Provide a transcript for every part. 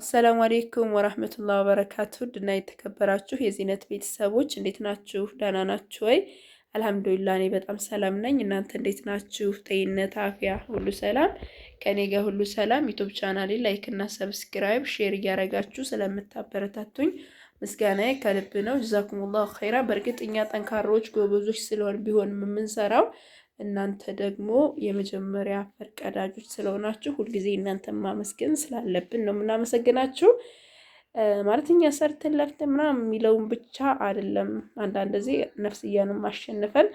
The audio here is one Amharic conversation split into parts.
አሰላሙ አሌይኩም ወራህመቱላ ወበረካቱ ድና የተከበራችሁ የዚህነት ቤተሰቦች እንዴት ናችሁ? ደህና ናችሁ ወይ? አልሐምዱሊላ እኔ በጣም ሰላም ነኝ። እናንተ እንዴት ናችሁ? ጤንነት፣ አፍያ ሁሉ ሰላም ከኔ ጋር ሁሉ ሰላም። ዩቱብ ቻናሌ ላይክ እና ሰብስክራይብ ሼር እያረጋችሁ ስለምታበረታቱኝ ምስጋና ከልብ ነው። ጀዛኩሙላሁ ኸይራ። በእርግጥ እኛ ጠንካሮች ጎበዞች ስለሆን ቢሆንም የምንሰራው እናንተ ደግሞ የመጀመሪያ ፈርቀዳጆች ስለሆናችሁ ሁልጊዜ እናንተ ማመስገን ስላለብን ነው የምናመሰግናችሁ። ማለት እኛ ሰርተን ለፍተን ምናምን የሚለውን ብቻ አይደለም። አንዳንድ ጊዜ ነፍስያንም አሸንፈን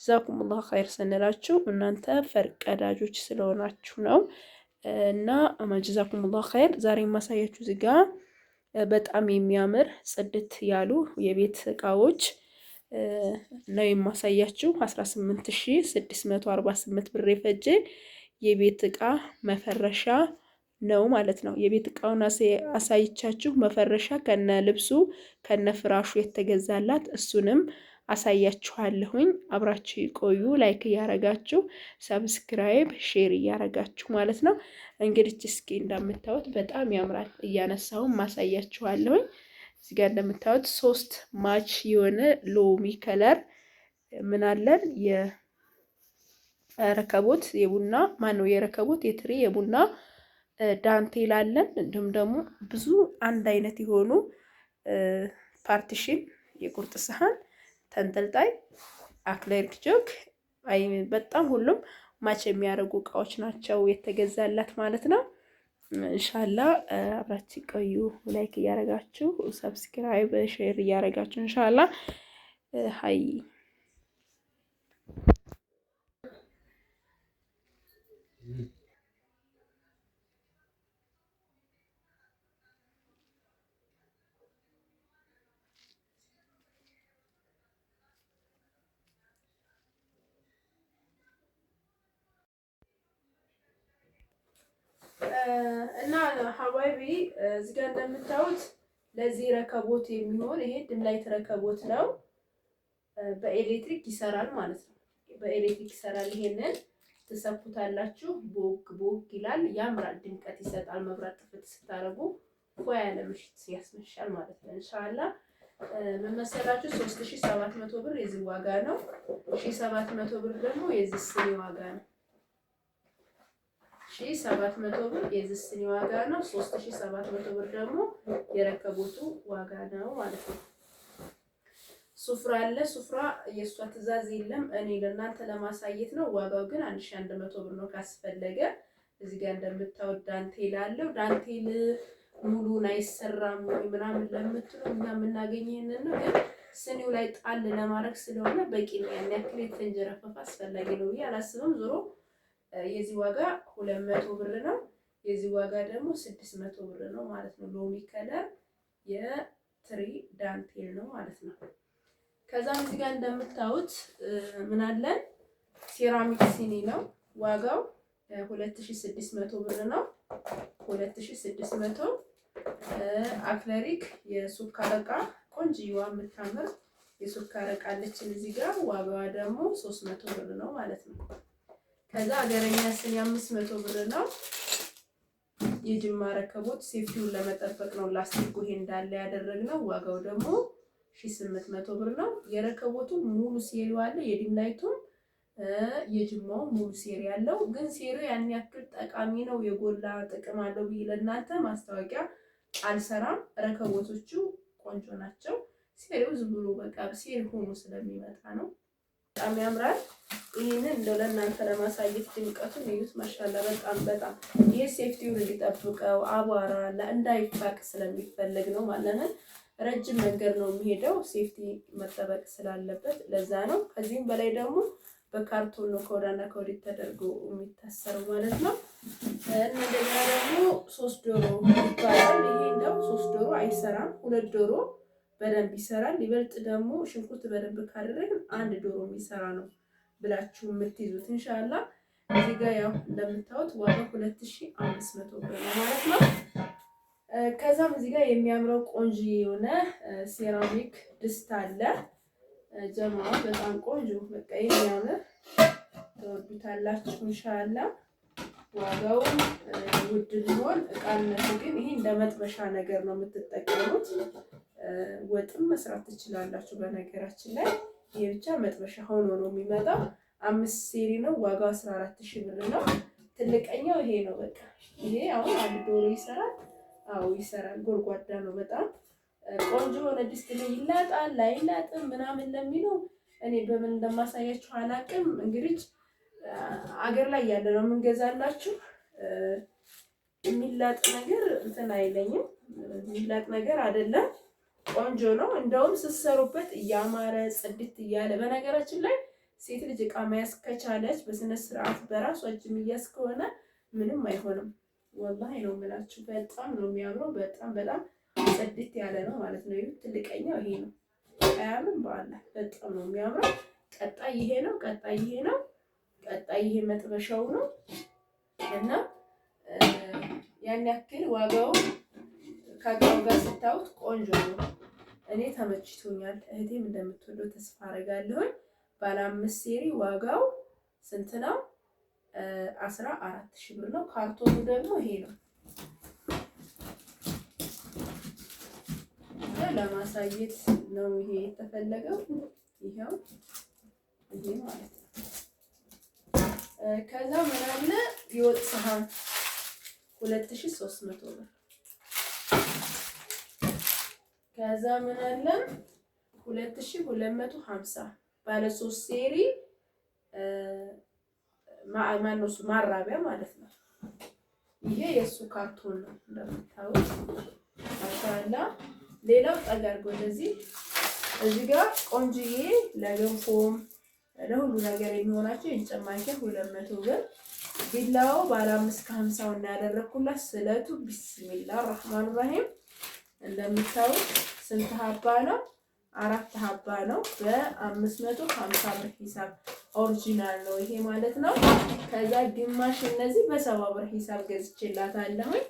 ጀዛኩሙላህ ኸይር ስንላችሁ እናንተ ፈርቀዳጆች ስለሆናችሁ ነው። እና ጀዛኩሙላህ ኸይር። ዛሬ የማሳያችሁ እዚህ ጋ በጣም የሚያምር ጽድት ያሉ የቤት እቃዎች ነው የማሳያችሁ። 18648 ብር የፈጀ የቤት እቃ መፈረሻ ነው ማለት ነው። የቤት እቃውን አሳይቻችሁ መፈረሻ ከነ ልብሱ ከነ ፍራሹ የተገዛላት እሱንም አሳያችኋለሁኝ። አብራችሁ ቆዩ። ላይክ እያረጋችሁ ሰብስክራይብ፣ ሼር እያረጋችሁ ማለት ነው። እንግዲህ እስኪ እንደምታዩት በጣም ያምራል። እያነሳውም ማሳያችኋለሁኝ። እዚህ ጋር እንደምታዩት ሶስት ማች የሆነ ሎሚ ከለር ምን አለን የረከቦት የቡና ማነው የረከቦት የትሪ የቡና ዳንቴል አለን። እንዲሁም ደግሞ ብዙ አንድ አይነት የሆኑ ፓርቲሽን የቁርጥ ሰሃን ተንጠልጣይ አክለሪክ ጆክ በጣም ሁሉም ማች የሚያደርጉ እቃዎች ናቸው የተገዛላት ማለት ነው። እንሻላ አብራችሁ ቆዩ። ላይክ እያደረጋችሁ ሰብስክራይብ፣ ሼር እያደረጋችሁ እንሻላ ሀይ እና ሀዋይቢ እዚህ ጋር እንደምታዩት ለዚህ ረከቦት የሚሆን ይሄ ድምላይት ረከቦት ነው። በኤሌክትሪክ ይሰራል ማለት ነው። በኤሌክትሪክ ይሰራል። ይሄንን ትሰኩታላችሁ። ቦክ ቦክ ይላል፣ ያምራል፣ ድምቀት ይሰጣል። መብራት ጥፍት ስታረጉ ፎ ያለ ምሽት ያስመሻል ማለት ነው። እንሻላ መመሰላችሁ 3700 ብር የዚህ ዋጋ ነው። 1700 ብር ደግሞ የዚህ ስኒ ዋጋ ነው። 1700 ብር የዝስኒ ዋጋ ነው። 3700 ብር ደግሞ የረከቦቱ ዋጋ ነው ማለት ነው። ሱፍራ አለ። ሱፍራ የእሷ ትዕዛዝ የለም፣ እኔ ለእናንተ ለማሳየት ነው። ዋጋው ግን 1100 ብር ነው። ካስፈለገ እዚህ ጋር ዳንቴል አለው። ዳንቴል ሙሉን አይሰራም ወይ ምናምን ለምትሉ እኛ የምናገኝ ይህንን ነው። ግን ስኒው ላይ ጣል ለማድረግ ስለሆነ በቂ ነው። ያን ያክል የተንጀረፈፈ አስፈላጊ ነው ብዬ አላስብም ዞሮ የዚህ ዋጋ ሁለት መቶ ብር ነው። የዚህ ዋጋ ደግሞ ስድስት መቶ ብር ነው ማለት ነው። ሎሚ ከለር የትሪ ዳንቴል ነው ማለት ነው። ከዛም እዚህ ጋር እንደምታዩት ምን አለን? ሴራሚክ ሲኒ ነው። ዋጋው 2600 ብር ነው። 2600 አክለሪክ የሱካር እቃ ቆንጅየዋ የምታምር የሱካር እቃ አለችን እዚህ ጋር ዋጋዋ ደግሞ 300 ብር ነው ማለት ነው። ከዛ ሀገረኛ ስን የአምስት መቶ ብር ነው። የጅማ ረከቦት ሴፍቲውን ለመጠበቅ ነው ላስቲኩ ይሄ እንዳለ ያደረግነው። ዋጋው ደግሞ ሺ ስምንት መቶ ብር ነው። የረከቦቱ ሙሉ ሴሪ አለ የዲምላይቱም የጅማው ሙሉ ሴሪ ያለው ግን ሴሪ ያን ያክል ጠቃሚ ነው የጎላ ጥቅም አለው ብዬ ለእናንተ ማስታወቂያ አልሰራም። ረከቦቶቹ ቆንጆ ናቸው። ሴሪው ዝም ብሎ በቃ ሴሪ ሆኖ ስለሚመጣ ነው። በጣም ያምራል። ይህንን እንደው ለእናንተ ለማሳየት ድምቀቱ እዩት። ማሻላ በጣም በጣም ይህ ሴፍቲውን እንዲጠብቀው አቧራ እንዳይፋቅ ስለሚፈለግ ነው ማለት ነው። ረጅም መንገድ ነው የሚሄደው ሴፍቲ መጠበቅ ስላለበት ለዛ ነው። ከዚህም በላይ ደግሞ በካርቶን ነው ከወዳና ከወዲህ ተደርጎ የሚታሰረው ማለት ነው። እንደገና ደግሞ ሶስት ዶሮ ይባላል። ይሄ እንደው ሶስት ዶሮ አይሰራም፣ ሁለት ዶሮ በደንብ ይሰራል። ይበልጥ ደግሞ ሽንኩርት በደንብ ካደረግን አንድ ዶሮ የሚሰራ ነው። ብላችሁ የምትይዙት እንሻላ። እዚህ ጋ ያው እንደምታዩት ዋጋ ሁለት ሺ አምስት መቶ ብር ነው ማለት ነው። ከዛም እዚህ ጋ የሚያምረው ቆንጆ የሆነ ሴራሚክ ድስት አለ። ጀማ በጣም ቆንጆ በቃ የሚያምር ተወዱታላችሁ እንሻላ። ዋጋው ውድ ሊሆን እቃነቱ ግን ይሄ እንደ መጥበሻ ነገር ነው የምትጠቀሙት። ወጥም መስራት ትችላላችሁ በነገራችን ላይ ይሄ ብቻ መጥበሻ ሆኖ ነው የሚመጣው። አምስት ሴሪ ነው ዋጋው አስራ አራት ሺህ ብር ነው። ትልቀኛው ይሄ ነው። በቃ ይሄ አሁን አንድ ዶሮ ይሰራል። አዎ ይሰራል። ጎድጓዳ ነው በጣም ቆንጆ የሆነ ድስት ላይ ይላጣል ላይላጥም ምናምን ለሚለው እኔ በምን እንደማሳያችሁ አላቅም። እንግዲህ አገር ላይ ያለ ነው የምንገዛላችሁ። የሚላጥ ነገር እንትን አይለኝም። የሚላጥ ነገር አይደለም። ቆንጆ ነው። እንደውም ስትሰሩበት እያማረ ጽድት እያለ በነገራችን ላይ ሴት ልጅ እቃ መያዝ ከቻለች በስነ ስርዓት በራሷ እጅ የሚያዝ ከሆነ ምንም አይሆንም። ወላሂ ነው የምላችሁ። በጣም ነው የሚያምረው። በጣም በጣም ጽድት ያለ ነው ማለት ነው። ይህ ትልቀኛው ይሄ ነው። አያምን በኋላ በጣም ነው የሚያምረው። ቀጣይ ይሄ ነው። ቀጣይ ይሄ ነው። ቀጣይ ይሄ መጥበሻው ነው እና ያን ያክል ዋጋው ከአቅሙ ጋር ስታዩት ቆንጆ ነው። እኔ ተመችቶኛል። እህቴም እንደምትወደው ተስፋ አረጋለሁኝ። ባለ አምስት ሴሪ ዋጋው ስንት ነው? አስራ አራት ሺህ ብር ነው። ካርቶኑ ደግሞ ይሄ ነው። ለማሳየት ነው ይሄ የተፈለገው። ይኸው ይሄ ማለት ነው። ከዛ ምናምን የወጥ ሰሃን ሁለት ሺህ ሶስት መቶ ብር ከዛ ምን አለ 2250 ባለ 3 ሴሪ ማነሱ ማራቢያ ማለት ነው። ይሄ የእሱ ካርቶን ነው እንደምታዩት። አሻላ ሌላው ጠጋ አድርጎ እዚህ ጋር ቆንጅዬ ለገንፎም ለሁሉ ነገር የሚሆናቸው የእንጨት 200 ብር ቢላው ባለ አምስት ከሀምሳው እና ያደረግኩላት ስለቱ ቢስሚላህ ራህማን ራሂም እንደምታዩት ስንት ሀባ ነው? አራት ሀባ ነው። በአምስት መቶ ሀምሳ ብር ሂሳብ ኦሪጂናል ነው ይሄ ማለት ነው። ከዛ ግማሽ እነዚህ በሰባ ብር ሂሳብ ገዝቼላታለሁኝ።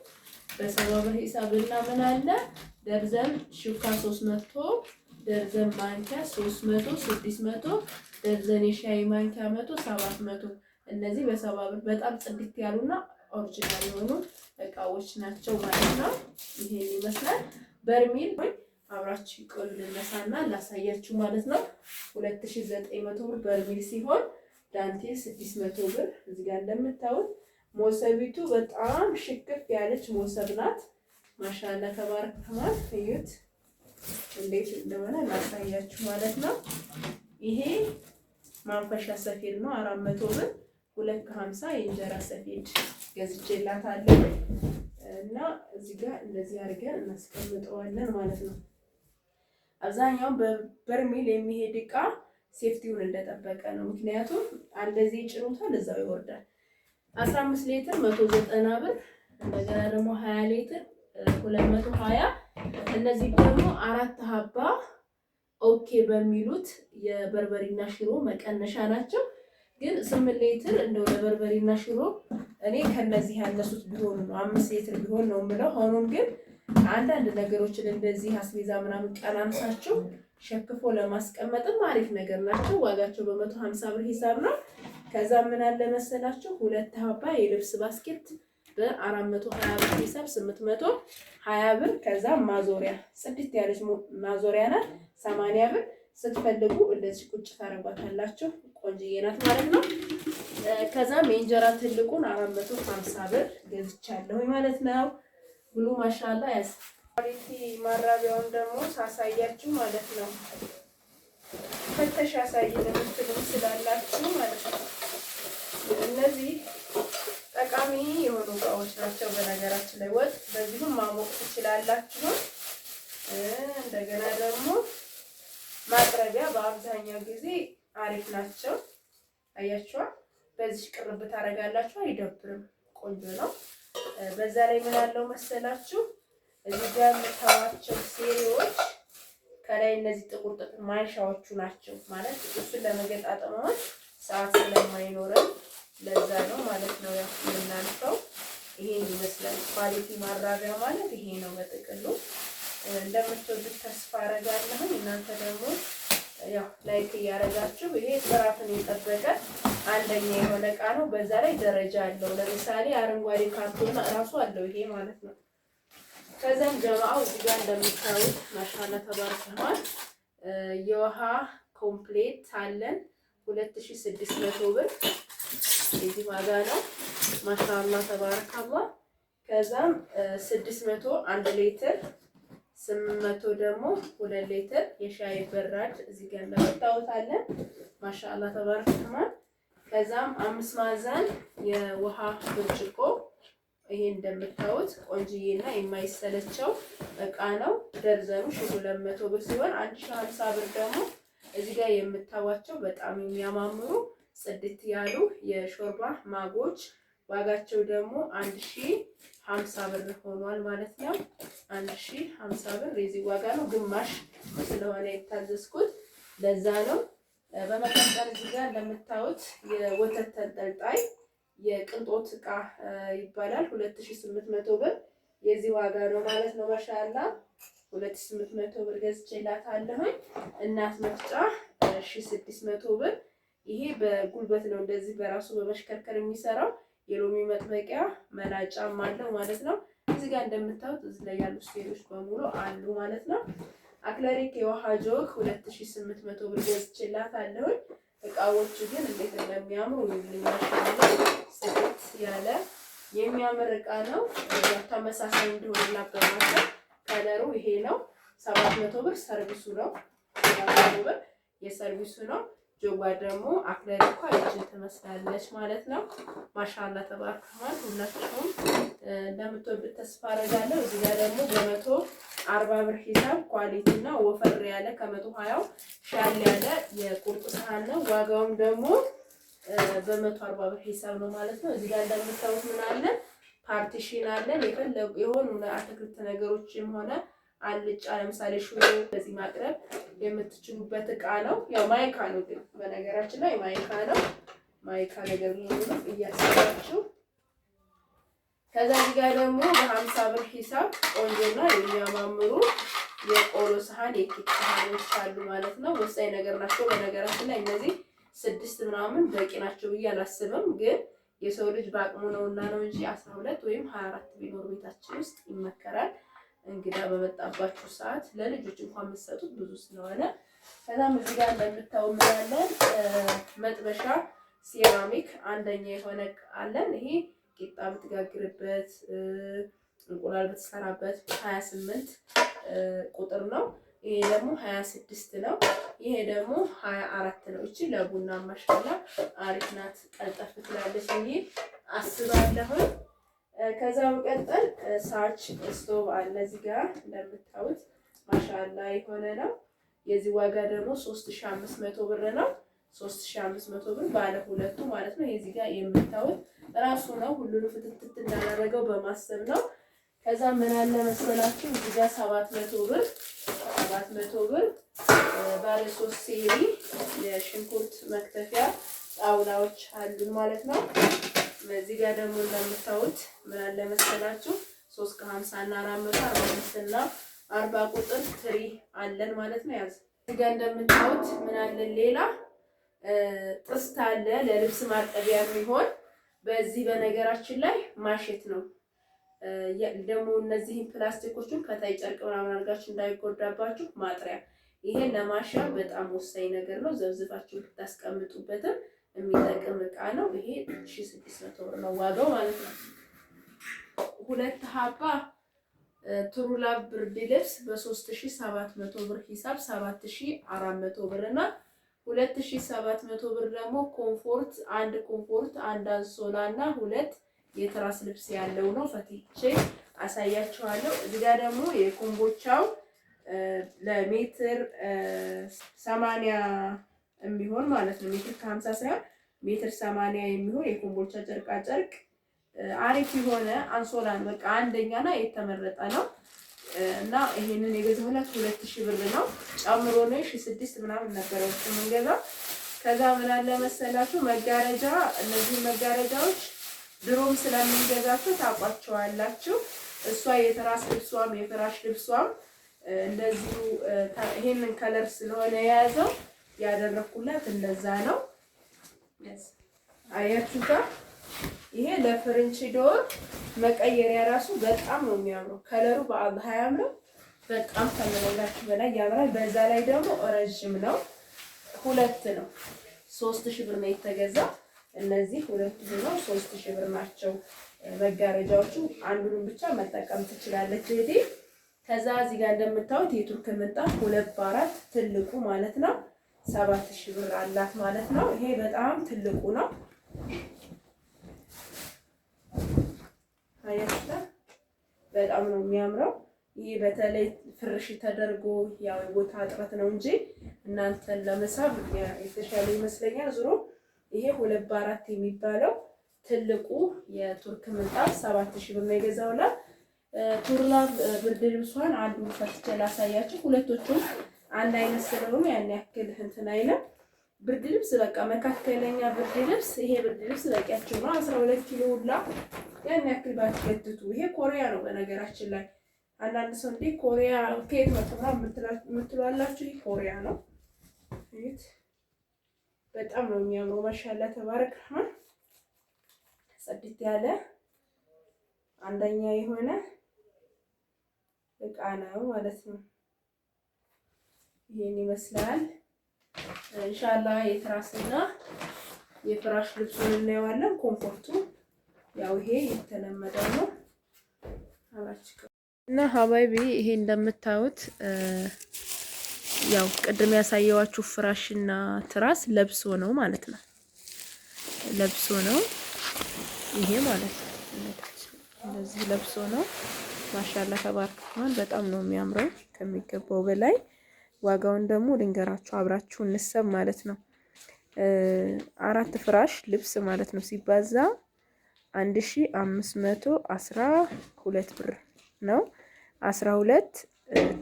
በሰባ ብር ሂሳብ እና ምን አለ ደርዘን ሹካ 300 ደርዘን ማንኪያ 300 600 ደርዘን የሻይ ማንኪያ 100 700 እነዚህ በሰባ ብር በጣም ጽድት ያሉና ኦሪጂናል የሆኑ እቃዎች ናቸው ማለት ነው። ይሄን ይመስላል በርሜል ወይ አብራችሁ ቆዩ ልነሳና ላሳያችሁ ማለት ነው። 2900 ብር በርሜል ሲሆን ዳንቴል 600 ብር። እዚህ ጋር እንደምታዩት ሞሰቢቱ በጣም ሽክፍ ያለች ሞሰብ ናት። ማሻላ ተባረክ እዩት እንዴት እንደሆነ ላሳያችሁ ማለት ነው። ይሄ ማንፈሻ ሰፌድ ነው 400 ብር፣ 250 የእንጀራ ሰፌድ ገዝቼላታለሁ እና እዚህ ጋር እንደዚህ አድርገን እናስቀምጠዋለን ማለት ነው። አብዛኛው በበርሜል የሚሄድ እቃ ሴፍቲውን እንደጠበቀ ነው። ምክንያቱም አንደዚህ ጭኖታል እዛው ይወርዳል። አስራ አምስት ሌትር መቶ ዘጠና ብር እንደገና ደግሞ ሀያ ሌትር ሁለት መቶ ሀያ እነዚህ ደግሞ አራት ሀባ ኦኬ በሚሉት የበርበሪና ሽሮ መቀነሻ ናቸው። ግን ስምንት ሌትር እንደው ለበርበሬና ሽሮ እኔ ከነዚህ ያነሱት ቢሆኑ ነው አምስት ሌትር ቢሆን ነው የምለው። ሆኖም ግን አንዳንድ ነገሮችን እንደዚህ አስቤዛ ምናምን ቀናንሳቸው ሸክፎ ለማስቀመጥም አሪፍ ነገር ናቸው። ዋጋቸው በመቶ ሀምሳ ብር ሂሳብ ነው። ከዛ ምን አለ መሰላችሁ ሁለት ሀባ የልብስ ባስኬት በአራት መቶ ሀያ ብር ሂሳብ ስምንት መቶ ሀያ ብር። ከዛ ማዞሪያ ጽድት ያለች ማዞሪያ ናት ሰማንያ ብር ስትፈልጉ እንደዚህ ቁጭ ታደርጓታላችሁ። ቆንጅዬ ናት ማለት ነው። ከዛም የእንጀራ ትልቁን አራት መቶ ሀምሳ ብር ገዝቻለሁ ማለት ነው። ብሉ ማሻላ ያስ ሪቲ ማራቢያውን ደግሞ ሳሳያችሁ ማለት ነው። ፈተሽ ያሳይ ለምትሉም ስላላችሁ ማለት ነው። እነዚህ ጠቃሚ የሆኑ እቃዎች ናቸው። በነገራችን ላይ ወጥ በዚሁም ማሞቅ ትችላላችሁ። እንደገና ደግሞ መጥረቢያ በአብዛኛው ጊዜ አሪፍ ናቸው። አያችኋል። በዚህ ቅርብ ታደርጋላችሁ፣ አይደብርም። ቆንጆ ነው። በዛ ላይ ምን አለው መሰላችሁ እዚህ ጋር የምታዋቸው ሴሪዎች ከላይ እነዚህ ጥቁር ጥቁር ማንሻዎቹ ናቸው ማለት እሱን ለመገጣጠመውን ሰዓት ስለማይኖረን ለዛ ነው ማለት ነው የምናልፈው። ይሄን ይመስላል ኳሊቲ ማራቢያ ማለት ይሄ ነው በጥቅሉ። እንደምትወዱት ተስፋ አረጋለሁ። እናንተ ደግሞ ያው ላይክ እያደረጋችሁ ይሄ ጥራቱን የጠበቀ አንደኛ የሆነ እቃ ነው። በዛ ላይ ደረጃ አለው። ለምሳሌ አረንጓዴ ካርቶን እራሱ አለው ይሄ ማለት ነው። ከዛም ጀማአው እዚህ ጋር እንደምታዩት ማሻላ ተባርክኋል። የውሃ ኮምፕሌት አለን መቶ ብር የዚህ ዋጋ ነው። ማሻላ ተባረካላ። ከዛም መቶ አንድ ሌትር ስምንት መቶ ደግሞ ሁለት ሌትር የሻይ በራድ እዚህ ጋር እናወጣውታለን። ማሻአላ ተባርክማል። ከዛም አምስት ማዕዘን የውሃ ብርጭቆ ይሄ እንደምታዩት ቆንጅዬና የማይሰለቸው እቃ ነው። ደርዘኑ ሺህ ሁለት መቶ ብር ሲሆን አንድ ሺህ ሀምሳ ብር ደግሞ እዚህ ጋር የምታዋቸው በጣም የሚያማምሩ ጽድት ያሉ የሾርባ ማጎች ዋጋቸው ደግሞ አንድ ሺህ ሀምሳ ብር ሆኗል ማለት ነው። አንድ ሺ ሀምሳ ብር የዚህ ዋጋ ነው። ግማሽ ስለሆነ የታዘዝኩት ለዛ ነው። በመቀጠል እዚህ ጋር እንደምታዩት የወተት ተንጠልጣይ የቅንጦት እቃ ይባላል። ሁለት ሺ ስምንት መቶ ብር የዚህ ዋጋ ነው ማለት ነው። ማሻላ ሁለት ስምንት መቶ ብር ገዝቼላታለሁኝ። እናት መፍጫ ሺ ስድስት መቶ ብር ይሄ በጉልበት ነው እንደዚህ በራሱ በመሽከርከር የሚሰራው የሎሚ መጥበቂያ መላጫም አለው ማለት ነው። እዚህ ጋር እንደምታዩት እዚህ ላይ ያሉ ስቴሎች በሙሉ አሉ ማለት ነው። አክለሪክ የውሃ ጆክ 2800 ብር ገዝቼላታለሁ። እቃዎቹ ግን እንዴት እንደሚያምሩ ስት ያለ የሚያምር እቃ ነው። ተመሳሳይ እንዲሆንላት በማሰብ ከለሩ ይሄ ነው። 700 ብር ሰርቪሱ ነው። ብር የሰርቪሱ ነው። ጆዋ ደግሞ አክለሪኳ ይችን ትመስላለች ማለት ነው። ማሻላ ተባርከዋል። ሁላችሁም እንደምትወዱት ተስፋ አደርጋለሁ። እዚህ ጋር ደግሞ በመቶ አርባ ብር ሂሳብ ኳሊቲ እና ወፈር ያለ ከመቶ ሀያው ሻል ያለ የቁርጥ ሳህን ነው። ዋጋውም ደግሞ በመቶ አርባ ብር ሂሳብ ነው ማለት ነው። እዚህ ጋር እንደምታዩት ምን አለ ፓርቲሽን አለን። የፈለጉ የሆኑ አትክልት ነገሮችም ሆነ አልጫ ለምሳሌ ሽሮ በዚህ ማቅረብ የምትችሉበት እቃ ነው። ያው ማይካ ነው ግን በነገራችን ላይ ማይካ ነው። ማይካ ነገር ሙሉ እያሰባችሁ ከዛ እዚህ ጋር ደግሞ በሀምሳ ብር ሂሳብ ቆንጆና የሚያማምሩ የቆሎ ሰሃን የኬክ ሰሃኖች አሉ ማለት ነው። ወሳኝ ነገር ናቸው። በነገራችን ላይ እነዚህ ስድስት ምናምን በቂ ናቸው ብዬ አላስብም ግን የሰው ልጅ በአቅሙ ነውና ነው እንጂ አስራ ሁለት ወይም ሀያ አራት ቢኖር ቤታችን ውስጥ ይመከራል። እንግዳ በመጣባችሁ ሰዓት ለልጆች እንኳን የምትሰጡት ብዙ ስለሆነ ከዛም እዚህ ጋር እንደምታው ምን መጥበሻ ሴራሚክ አንደኛ የሆነ አለን። ይሄ ቂጣ ብትጋግርበት እንቁላል ብትሰራበት ስምንት ቁጥር ነው። ይሄ ደግሞ ሀያ ስድስት ነው። ይሄ ደግሞ ሀያ አራት ነው። እቺ ለቡና ማሻላ አሪፍ ናት። ቀልጠፍ ትላለች ይሄ አስባለሁን ከዛ በመቀጠል ሳርች ስቶቭ አለ እዚህ ጋር እንደምታዩት ማሻላ የሆነ ነው። የዚህ ዋጋ ደግሞ 3500 ብር ነው። 3500 ብር ባለ ሁለቱ ማለት ነው። የዚህ ጋር የምታዩት ራሱ ነው። ሁሉንም ፍትትት እንዳደረገው በማሰብ ነው። ከዛ ምን አለ መሰላችሁ እዚህ ጋር 700 ብር 700 ብር ባለ 3 ሴሪ የሽንኩርት መክተፊያ ጣውላዎች አሉ ማለት ነው። በዚህ ጋር ደግሞ እንደምታዩት ምን አለ መሰላችሁ ከ50 እና አራት አምስት እና 40 ቁጥር ትሪ አለን ማለት ነው። ያዝ እዚህ ጋር እንደምታዩት ምን አለ ሌላ ጥስት አለ ለልብስ ማጠቢያ የሚሆን በዚህ በነገራችን ላይ ማሸት ነው። ደግሞ እነዚህን ፕላስቲኮቹን ከታይ ጨርቅ ምናምን አድርጋችሁ እንዳይጎዳባችሁ ማጥሪያ፣ ይሄን ለማሻ በጣም ወሳኝ ነገር ነው። ዘብዝባችሁ ብታስቀምጡበትም የሚጠቅም እቃ ነው። ይሄ ሺ ስድስት መቶ ብር ነው ዋጋው ማለት ነው። ሁለት ሀባ ትሩላ ብርድ ልብስ በሶስት ሺ ሰባት መቶ ብር ሂሳብ ሰባት ሺ አራት መቶ ብር እና ሁለት ሺ ሰባት መቶ ብር ደግሞ ኮምፎርት አንድ ኮምፎርት አንድ አንሶላ እና ሁለት የትራስ ልብስ ያለው ነው። ፈትቼ አሳያችኋለሁ። እዚህ ጋር ደግሞ የኮምቦቻው ለሜትር ሰማንያ የሚሆን ማለት ነው። ሜትር ከሀምሳ ሳይሆን ሜትር ሰማንያ የሚሆን የኮምቦልቻ ጨርቃ ጨርቅ አሪፍ የሆነ አንሶላን በቃ አንደኛና የተመረጠ ነው እና ይሄንን የገዛሁላት ሁለት ሺህ ብር ነው። ጨምሮ ነው ሺህ ስድስት ምናምን ነበረ ውስጥ ከዛ ምን አለ መሰላችሁ መጋረጃ፣ እነዚህ መጋረጃዎች ድሮም ስለምንገዛቸው ታቋቸዋላችው እሷ የትራስ ልብሷም የፍራሽ ልብሷም እንደዚሁ ይሄንን ከለር ስለሆነ የያዘው ያደረኩላት እንደዛ ነው። አያችሁ ጋር ይሄ ለፍርንች ዶር መቀየሪያ ራሱ በጣም ነው የሚያምረው። ከለሩ በአብሃ ያምረው በጣም ከምንላችሁ በላይ ያምራል። በዛ ላይ ደግሞ ረዥም ነው፣ ሁለት ነው። ሶስት ሺህ ብር ነው የተገዛ። እነዚህ ሁለት ነው ሶስት ሺህ ብር ናቸው መጋረጃዎቹ። አንዱንም ብቻ መጠቀም ትችላለች እህቴ። ከዛ እዚህ ጋር እንደምታዩት የቱርክ ምንጣፍ ሁለት በአራት ትልቁ ማለት ነው ሰባት ሺህ ብር አላት ማለት ነው። ይሄ በጣም ትልቁ ነው። በጣም ነው የሚያምረው። ይህ በተለይ ፍርሽ ተደርጎ ያው ቦታ እጥረት ነው እንጂ እናንተን ለመሳብ የተሻለ ይመስለኛል። ዙሮ ይሄ ሁለት በአራት የሚባለው ትልቁ የቱርክ ምንጣፍ ሰባት ሺህ ብር ነው የገዛውላት። ቱርላ ብርድ ልብሷን አንዱ ፈትቼ ላሳያችሁ። ሁለቶቹም አንድ አይነት ስለሆኑ ያን ያክል እንትን አይለም። ብርድ ልብስ በቃ መካከለኛ ብርድ ልብስ ይሄ ብርድ ልብስ በቂያቸው ነው። አስራ ሁለት ኪሎ ሁላ ያን ያክል ባትገትቱ። ይሄ ኮሪያ ነው በነገራችን ላይ አንዳንድ ሰው እንዴ ኮሪያ ከየት መጥራ የምትሏላችሁ፣ ይህ ኮሪያ ነው። በጣም ነው የሚያምረው። ማሻላ ተባረክ ረህማን። ጸድት ያለ አንደኛ የሆነ እቃ ነው ማለት ነው። ይህን ይመስላል። እንሻላ የትራስና የፍራሽ ልብሱን እናየዋለን። ኮምፎርቱ ያው ይሄ የተለመደ ነው። እና ሀባይቢ ይሄ እንደምታዩት ያው ቅድም ያሳየዋችሁ ፍራሽና ትራስ ለብሶ ነው ማለት ነው። ለብሶ ነው ይሄ ማለት ነው። እንደዚህ ለብሶ ነው። ማሻላ ተባርክ። በጣም ነው የሚያምረው ከሚገባው በላይ ዋጋውን ደግሞ ልንገራችሁ፣ አብራችሁ እንሰብ ማለት ነው። አራት ፍራሽ ልብስ ማለት ነው ሲባዛ አንድ ሺ አምስት መቶ አስራ ሁለት ብር ነው። አስራ ሁለት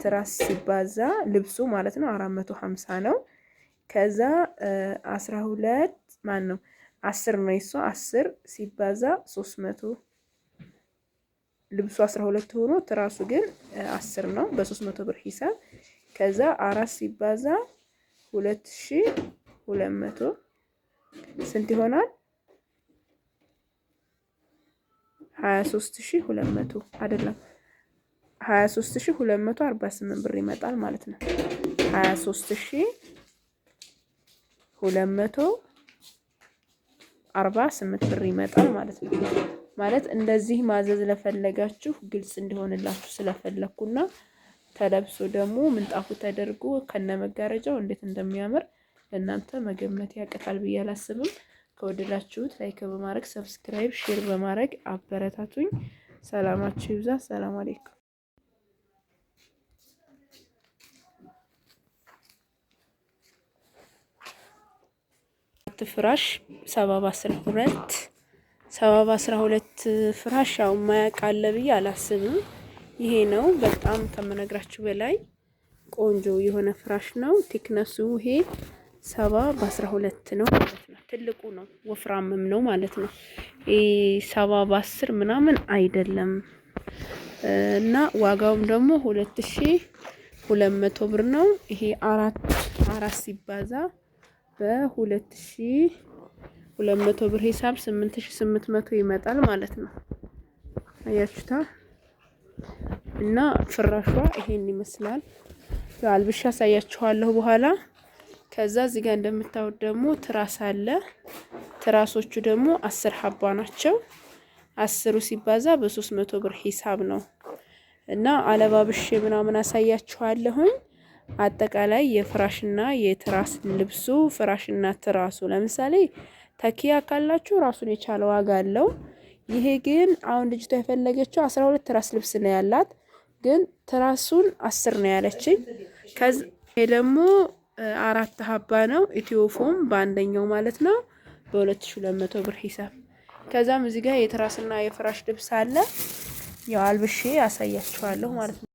ትራስ ሲባዛ ልብሱ ማለት ነው አራት መቶ ሀምሳ ነው። ከዛ አስራ ሁለት ማን ነው አስር ነው የሷ አስር ሲባዛ ሶስት መቶ ልብሱ አስራ ሁለት ሆኖ ትራሱ ግን አስር ነው። በሶስት መቶ ብር ሂሳብ ከዛ አራት ሲባዛ ሁለት ሺ ሁለት መቶ ስንት ይሆናል? ሀያ ሶስት ሺ ሁለት መቶ አይደለም ሀያ ሶስት ሺ ሁለት መቶ አርባ ስምንት ብር ይመጣል ማለት ነው። ሀያ ሶስት ሺ ሁለት መቶ አርባ ስምንት ብር ይመጣል ማለት ነው። ማለት እንደዚህ ማዘዝ ለፈለጋችሁ ግልጽ እንዲሆንላችሁ ስለፈለኩና ተለብሶ ደግሞ ምንጣፉ ተደርጎ ከነ መጋረጃው እንዴት እንደሚያምር ለእናንተ መገመት ያቅታል ብዬ አላስብም። ከወደዳችሁት ላይክ በማድረግ ሰብስክራይብ፣ ሼር በማድረግ አበረታቱኝ። ሰላማችሁ ይብዛ። ሰላም አሌይኩም። ፍራሽ ሰባ በአስራ ሁለት ሰባ በአስራ ሁለት ፍራሽ ያው ማያውቅ አለ ብዬ አላስብም። ይሄ ነው። በጣም ከምነግራችሁ በላይ ቆንጆ የሆነ ፍራሽ ነው። ቲክነሱ ይሄ ሰባ በአስራ ሁለት ነው ማለት ነው። ትልቁ ነው ወፍራምም ነው ማለት ነው። ሰባ በአስር ምናምን አይደለም እና ዋጋውም ደግሞ ሁለት ሺ ሁለት መቶ ብር ነው። ይሄ አራት አራት ሲባዛ በሁለት ሺ ሁለት መቶ ብር ሂሳብ ስምንት ሺ ስምንት መቶ ይመጣል ማለት ነው። አያችሁታ እና ፍራሿ ይሄን ይመስላል። አልብሻ አሳያችኋለሁ በኋላ። ከዛ እዚህ ጋር እንደምታዩት ደግሞ ትራስ አለ። ትራሶቹ ደግሞ አስር ሀባ ናቸው። አስሩ ሲባዛ በሶስት መቶ ብር ሂሳብ ነው እና አለባብሼ ምናምን አሳያችኋለሁኝ። አጠቃላይ የፍራሽና የትራስ ልብሱ ፍራሽና ትራሱ ለምሳሌ ተኪያ ካላችሁ ራሱን የቻለ ዋጋ አለው። ይሄ ግን አሁን ልጅቷ የፈለገችው አስራ ሁለት ትራስ ልብስ ነው ያላት፣ ግን ትራሱን አስር ነው ያለችኝ። ይሄ ደግሞ አራት ሀባ ነው ኢትዮፎም በአንደኛው ማለት ነው በሁለት ሺ ሁለት መቶ ብር ሂሳብ። ከዛም እዚህ ጋር የትራስና የፍራሽ ልብስ አለ። ያው አልብሼ ያሳያችኋለሁ ማለት ነው።